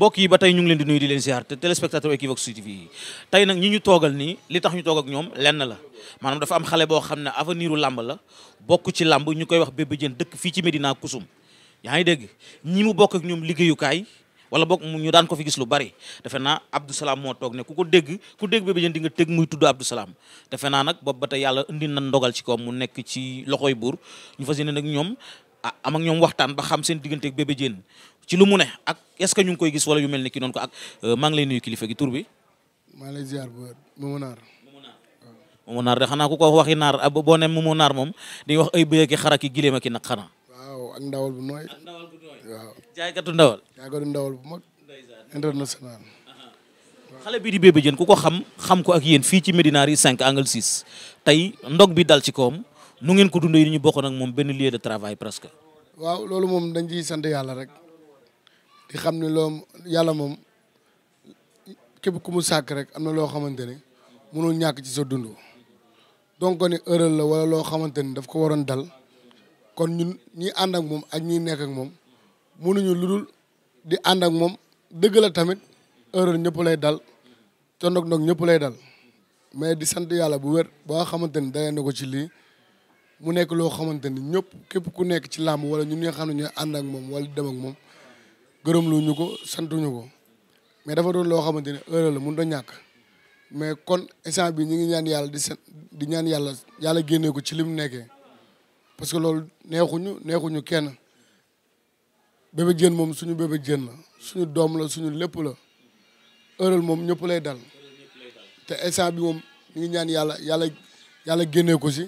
bokk yi ba tey ñu ngi leen di nuyu di leen ziar te téléspectateur Equivox TV yi tey nag ñi ñu toogal nii li tax ñu toog ak ñoom lenn la maanaam dafa am xale boo xam ne avenir u la bokk ci làmb ñu koy wax Bébé Diène dëkk fii ci Médina Kousoum yaa ngi dégg ñi mu bokk ak ñoom liggéeyukaay wala bokk ñu daan ko fi gis lu bari defe naa Abdou Salam moo toog ne ku ko dégg ku dégg Bébé Diène di nga teg muy tudd Abdou Salam defe naa nag boob ba te yàlla indi na ndogal ci koom mu nekk ci loxoy buur ñu fas yéene nag ñoom ah am ak ñoom waxtaan ba xam seen diggante ak Bébé ci lu mu ne ak est-ce que ñu ngi koy gis wala yu mel ni ki noonu ko ak euh, maa ngi lay nuyu kilifa gi tur bi. maa lay ziar bu wér Momu Naar. Momu Naar ku ko waxi naar boo ne Naar moom di wax ay bëy ak xar ak gileem ak nag xanaa. waaw ndawal bu nooy. ak ndawal ndawal. ndawal bu mag. international. xale bi di Bébé Diène ku ko xam xam ko ak yéen fii ci Médina Rue 5 angle 6 tey bi dal ci koom nu ngeen ko dundee yi ñu bokkoon ak moom benn lieu de travail presque. waaw loolu moom dañ ciy yàlla rek. di xam ne loo yàlla moom képp ku mu sàkk rek am na loo xamante ne mënul ñàkk ci sa dund. donc ni erreur la wala loo xamante ni daf ko waroon dal kon ñun ñi ànd ak moom ak ñi nekkak ak moom mënuñu ludul di ànd ak moom dëgg la tamit erreur ñëpp lay dal te ndog ndog ñëpp lay dal mais di sant yàlla bu wér ba nga xamante ni dalee ko ci lii mu nekk loo xamante ni ñëpp képp ku nekk ci làmb wala ñun ñi nga xam ne ñooy ànd ak moom wala di dem ak moom. gërëmlu ñu ko santuñu ko mais dafa doon loo xamante ne heure la mun da ñàkk mais kon instant bi ñu ngi ñaan yàlla di sant di ñaan yàlla yàlla génnee ko ci li mu nekkee parce que loolu neexuñu neexuñu kenn bébé jën moom suñu bébé jën la suñu doom la suñu lépp la heure moom ñëpp lay dal te instant bi moom ñu ngi ñaan yàlla yàlla yàlla génnee ko si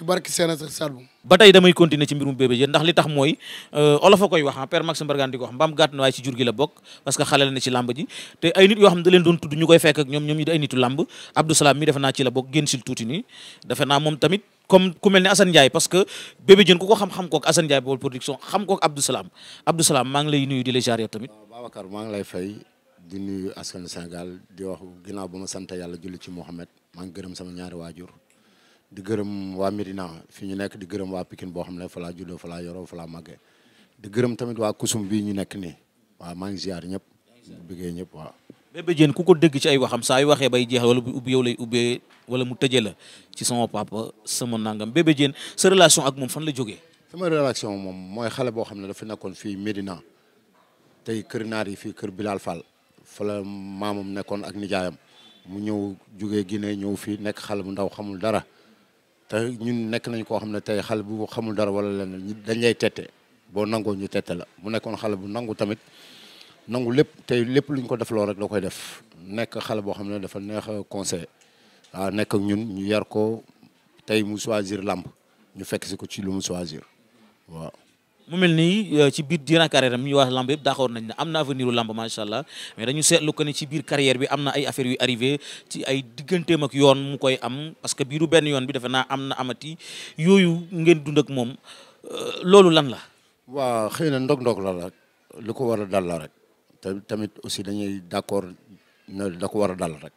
ci barki seen Saloum. ba tey damay continuer ci mbirum bébé jën ndax li tax mooy euh, olof a koy wax ah père Max Mbargane di ko wax mbaam gàtt na waaye ci jur gi bokk parce que xale ci làmb ji te ay nit yoo xam ne doon tudd ñu koy fekk ñoom ñoom ñu di ay nitu làmb Abdou Salam mi defe naa ci la bokk génn sil nii defe naa moom tamit comme ne Assane Ndiaye parce que bébé jën ku ko xam-xam kook Assane Ndiaye Baol Production xam kook Abdou Salam Abdou ngi lay nuyu di la jaar di gërëm waa Médina fi ñu nekk di gërëm waa Pikine boo xam ne fa laa juddoo fa laa yoroo fa laa di gërëm tamit waa kusum bii ñu nekk nii waa maa ngi ziar ñëpp bëggee ñëpp waa Bébé ku ko dégg ci ay waxam saa yu waxee bay jeex wala bu ubbi yow lay ubbee wala mu tëjee la ci sama papa sama nangam Bébé Diène sa relation ak moom fan la jógee sama relation moom mooy xale boo xam ne dafa nekkoon fii Médina tey kër naar yi fii kër Bilal Fall fa la maamam nekkoon ak nijaayam mu ñëw jógee Guinée ñëw fii nekk xale bu ndaw xamul dara te ñun nekk nañ koo xam ne tey xale bu xamul dara wala leneen dañ lay tette boo nangoo ñu tette la mu nekkoon xale bu nangu tamit nangu lépp tey lépp lu ñu ko defloo rek da koy def nekk xale boo xam ne dafa neex a conseil waaw ak ñun ñu yar ko tey mu choisir làmb ñu fekk si ko ci lu mu choisir waaw mu mel nii euh, ci biir durant carrière am ñu wax lamb yëpp d'accord nañ ne am na lamb macha allah mais dañu seetlu que ni ci biir carrière bi am na ay affaires yu arrivé ci ay digganteem ak yoon mu koy am parce que biiru benn yoon bi defe naa am na amati yooyu ngeen dund ak moom euh, loolu lan la. waa xëy na ndog-ndog la la lu ko war a dal la rek te tamit aussi dañuy d'accord na da ko war a dal rek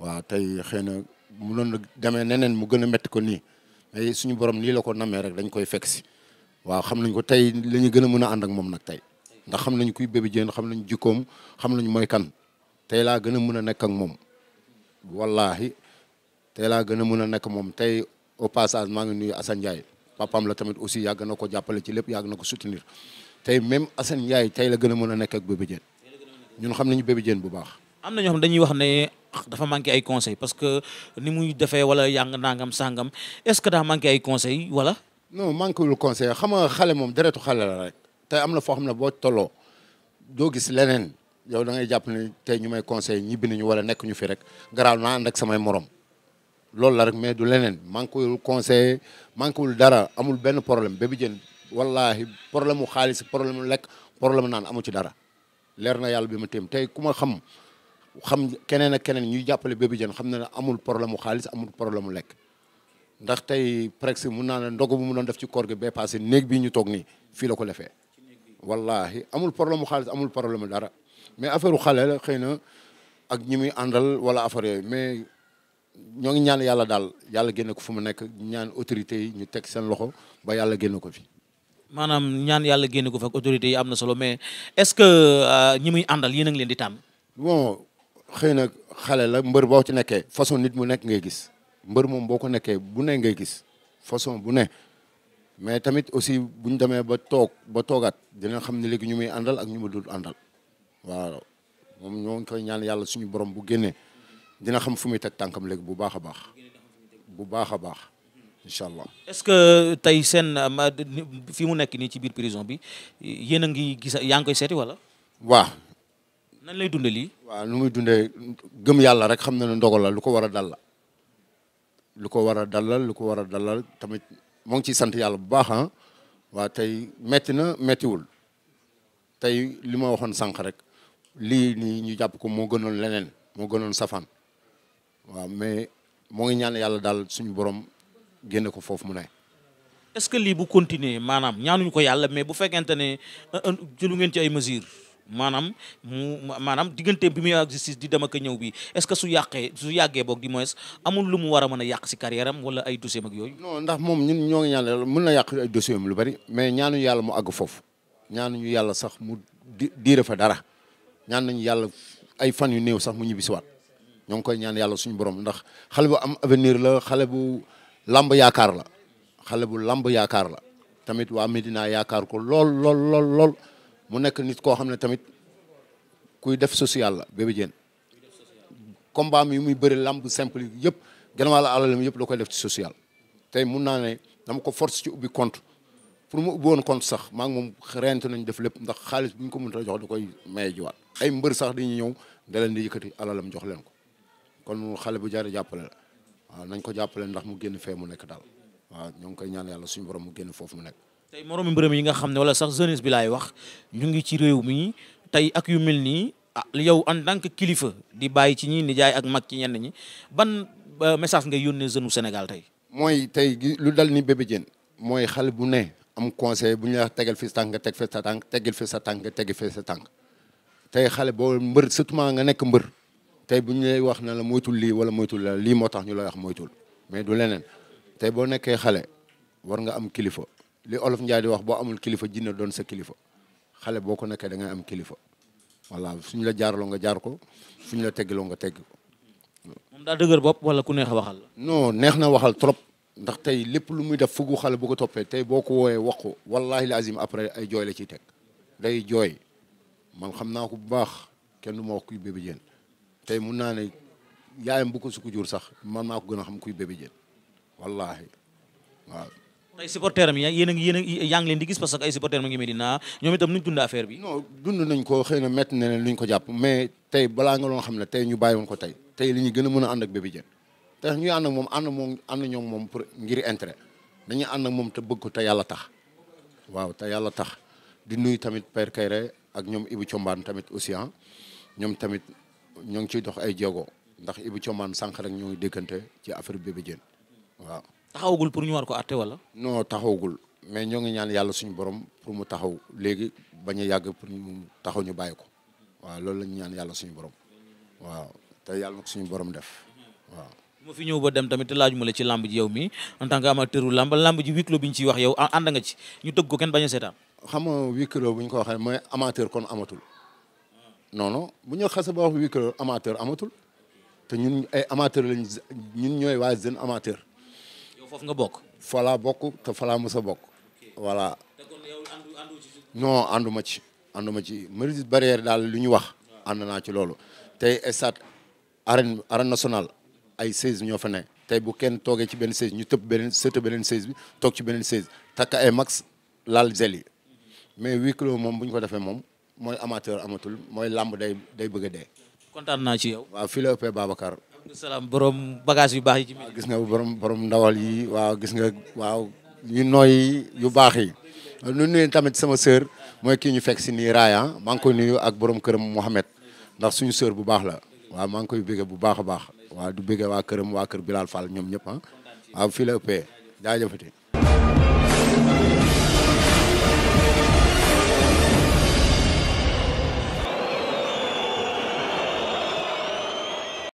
waaw tey xëy na mu doon demee neneen mu gën a métti ko nii suñu borom nii la ko namee rek dañ koy fekk si. waaw xam nañ ko tey la ñu gën a mën a ànd moom nag tey ndax xam nañ kuy Bébé xam nañ jikkoom xam nañ mooy kan tey laa gën a mën a nekk ak moom wallaahi tey laa gën a mën a nekk moom tey au maa ngi nuyu Assane Ndiaye la tamit aussi yàgg na ko jàppale ci lépp yàgg na ko soutenir tey même Assane Ndiaye tey la gën a mën a nekk ak Bébé Diène ñun xam nañu Bébé Diène bu baax. am na ñoo xam dañuy wax ne dafa manqué ay conseil parce que ni muy defee wala yàng nangam sangam est-ce que daa manqué ay conseil wala. non manqué wul conseil xam nga xale moom deretu xale la rek te am na foo xam ne boo tolloo doo gis leneen yow da ngay jàpp ne tey ñu may conseil ñibbi nañu wala nekk ñu fi rek garaaw naa ak samay morom loolu la mais du leneen manqué wul conseil manqué wul dara amul benn problème Bébé Diène wallahi problème mu xaalis problème mu lekk problème naan amu ci dara leer na yàlla bi ma téem tey ku ma xam xam keneen keneen ñuy jàppale Bébé Diène xam na ne amul problème mu xaalis amul problème mu lekk ndax tey presque mun naa ne ndogu bu mu doon def ci koor gi bee passé néeg bii ñu toog nii fii la ko defee wallahi amul problème mu xaalis amul problème dara mais affaire u xale la xëy na ak ñi muy àndal wala affaire mais ñoo ngi ñaan yàlla daal yàlla génne ko fu mu nekk ñaan autorités yi ñu teg seen loxo ba yàlla génne ko fi. maanaam ñaan yàlla génne ko fa autorités yi am na solo mais est-ce que euh, ñi muy àndal yéen a leen di tànn. bon xëy na xale la mbër boo ci nekkee façon nit mu nekk ngay gis. mbër moom boo ko nekkee bu ne ngay gis façon bu ne mais tamit aussi bu ñu demee ba toog ba toogaat dina xam ne léegi ñu muy àndal ak ñu ma dul àndal waaw moom ñoo ngi koy ñaan yàlla suñu borom bu génnee dina xam fu muy teg tànkam léegi bu baax a baax bu baax a baax incha allah. est-ce que tey seen fi mu nekk nii ci biir prison bi yéen a ngi gis yaa ngi koy seeti wala. waaw. nan lay dundee lii. waaw nu muy dundee gëm yàlla rek xam na ne ndogal la lu ko war a dal lu ko war a dalal lu ko war a dalal tamit moo ngi ciy sant yàlla bu baax ah waa tey metti na mettiwul tey li ma waxoon sànq rek lii nii ñu jàpp ko moo gënoon leneen moo gënoon safaan waaw mais moo ngi ñaan yàlla daal suñu borom génne ko foofu mu ne. est-ce que lii bu continuer maanaam ñaanuñu ko yàlla mais bu fekkente ne euh, euh, jëlu ngeen ci ay mesures. maanaam maanaam diggante bi muy ak justice di dem ak ñëw bi est que su yàqee su yàggee boog du moins amul lu mu war a mën a yàq si carrière am wala ay dossier ak yooyu. non ndax moom ñun ñoo ngi ñaan mën na yàq ay dossier am lu bari mais ñaanuñu yàlla mu àgg foofu ñaanuñu yàlla sax mu di diire fa dara ñaan nañu yàlla ay fan yu néew sax mu ñibbi ñibbisiwaat ñoo ngi koy ñaan yàlla suñu borom ndax xale bu am avenir la xale bu lamb yaakaar la xale bu lamb yaakaar la tamit waa Medina yaakaar ko lool lool lool lool. mu nekk nit koo xam ne tamit kuy def social la Bébé Diène combat mi muy bëri lamb simple yëpp gannaaw la alalam yëpp da koy def ci social tey mun naa ne dama ko force ci ubbi compte pour mu ubbi woon compte sax maa moom rent nañ def lépp ndax xaalis buñ ko mënut a jox da koy maye jiwaat ay mbër sax dañuy ñëw da leen di yëkkati alalam jox leen ko kon xale bu jaar jàppale la nañ ko jàppale ndax mu génn fee mu nekk daal waaw ñoo ngi koy ñaan yàlla suñu borom mu génn foofu mu tey moroomi mbërëm yi nga xam ne wala sax jeunesse bi laay wax ñu ngi ci réew mi tey ak yu mel nii ah yow en tant que kilifa di bàyyi ci ñi nijaay ak mag ci ñenn ñi ban message ngay yónnee jeune u Sénégal tey. mooy tey lu dal ni Bébé Diène mooy xale bu ne am conseil bu ñu la tegal fi sa tànk teg fi sa tànk tegal fi sa tànk teg fi sa tànk tey xale boo mbër surtout nga nekk mbër tey bu ñu lay wax na la moytul lii wala moytul la lii moo tax ñu lay yax moytul mais du leneen tey boo nekkee xale war nga am kilifa. li olof njaay di wax boo amul kilifa jinne doon sa kilifa xale boo ko nekkee da ngay am kilifa voilà suñ la jaarloo nga jaar ko suñ la teggloo nga tegg ko. moom daa dëgër bopp wala ku neex a waxal. non neex na waxal trop ndax tey lépp lu muy def fugu xale bu ko toppee tey boo ko wooyee wax ko wallaahi lazim après ay jooy la ciy teg day jooy man xam naa ko bu baax kenn du ma wax kuy Bébé tey mun naa ne yaayam bu ko suku jur sax man maa ko gën a xam kuy Bébé Diène wallaahi waaw. tey supporter am yi yéen a ngi yéen a yaa ngi leen di gis parce que ay supporter am ngi Medina ñoom itam nuñ dund affaire bi non dund nañ ko xëy na métti na leen luñ ko jàpp mais tey balaa nga doon xam ne tey ñu bàyyi woon ko tey tey li ñu gën mën a ànd ak Bébé Diène te ñuy ànd moom ànd moom ànd moom pour ngir intérêt dañuy ànd moom te bëgg ko te yàlla tax waaw te yàlla tax di nuyu tamit Père Kayre ak ñoom Ibou Thiombane tamit aussi ah ñoom tamit ñoo ngi ciy dox ay jéego ndax Ibou Thiombane sànq rek ñoo ngi déggante ci affaire Bébé Diène waaw taxawagul pour ñu war ko àtte wala. non taxawagul mais ñoo ngi ñaan yàlla suñu borom pour mu taxaw léegi bañ a yàgg pour mu taxaw ñu bàyyi ko waaw loolu la ñu ñaan yàlla suñu borom waaw te yàlla na ko suñu borom def waaw. moo fi ñëw ba dem tamit te laajuma la ci làmb ji yow mi en tant que amateur u lamb ji huis biñ ci wax yow ànd nga ci ñu tëgg ko kenn bañ a seetaan. xam nga huis bu ñu ko waxee mooy amateur kon amatul non non bu ñu xasee ba wax huis clos amateur amatul te ñun ay lañ ñun ñooy waa jeune amateur. foofu nga bokk. falaa bokk te falaa mës bokk. voilà. te kon yow andu ma ci. non anduma ci. anduma ci daal lu ñu wax. ànd naa ci loolu. tey stade arène arène nationale ay 16 ñoo fa ne tey bu kenn toogee ci benn 16 ñu tëb beneen sëtë beneen 16 bi toog ci beneen 16 takk ay max laal zel mais huis clos moom bu ko defee moom mooy amateur amatul mooy làmb day day bëgg a dee. kontaan naa ci yow. waaw fii la salaam borom bagage yu baax yi. waaw gis nga borom borom ndawal yi waaw gis nga waaw yu nooy yu baax yi. nu nuyu tamit sama sœur mooy kii ñu fekk si nii raaya maa koy nuyu ak borom këram Mouhamed ndax suñu sœur bu baax la waaw maa ngi koy bëgge bu baax a baax waaw du bëgge waa këram waa kër Bilal Fall ñoom ñëpp ah waaw fii la ëppee jaajëfati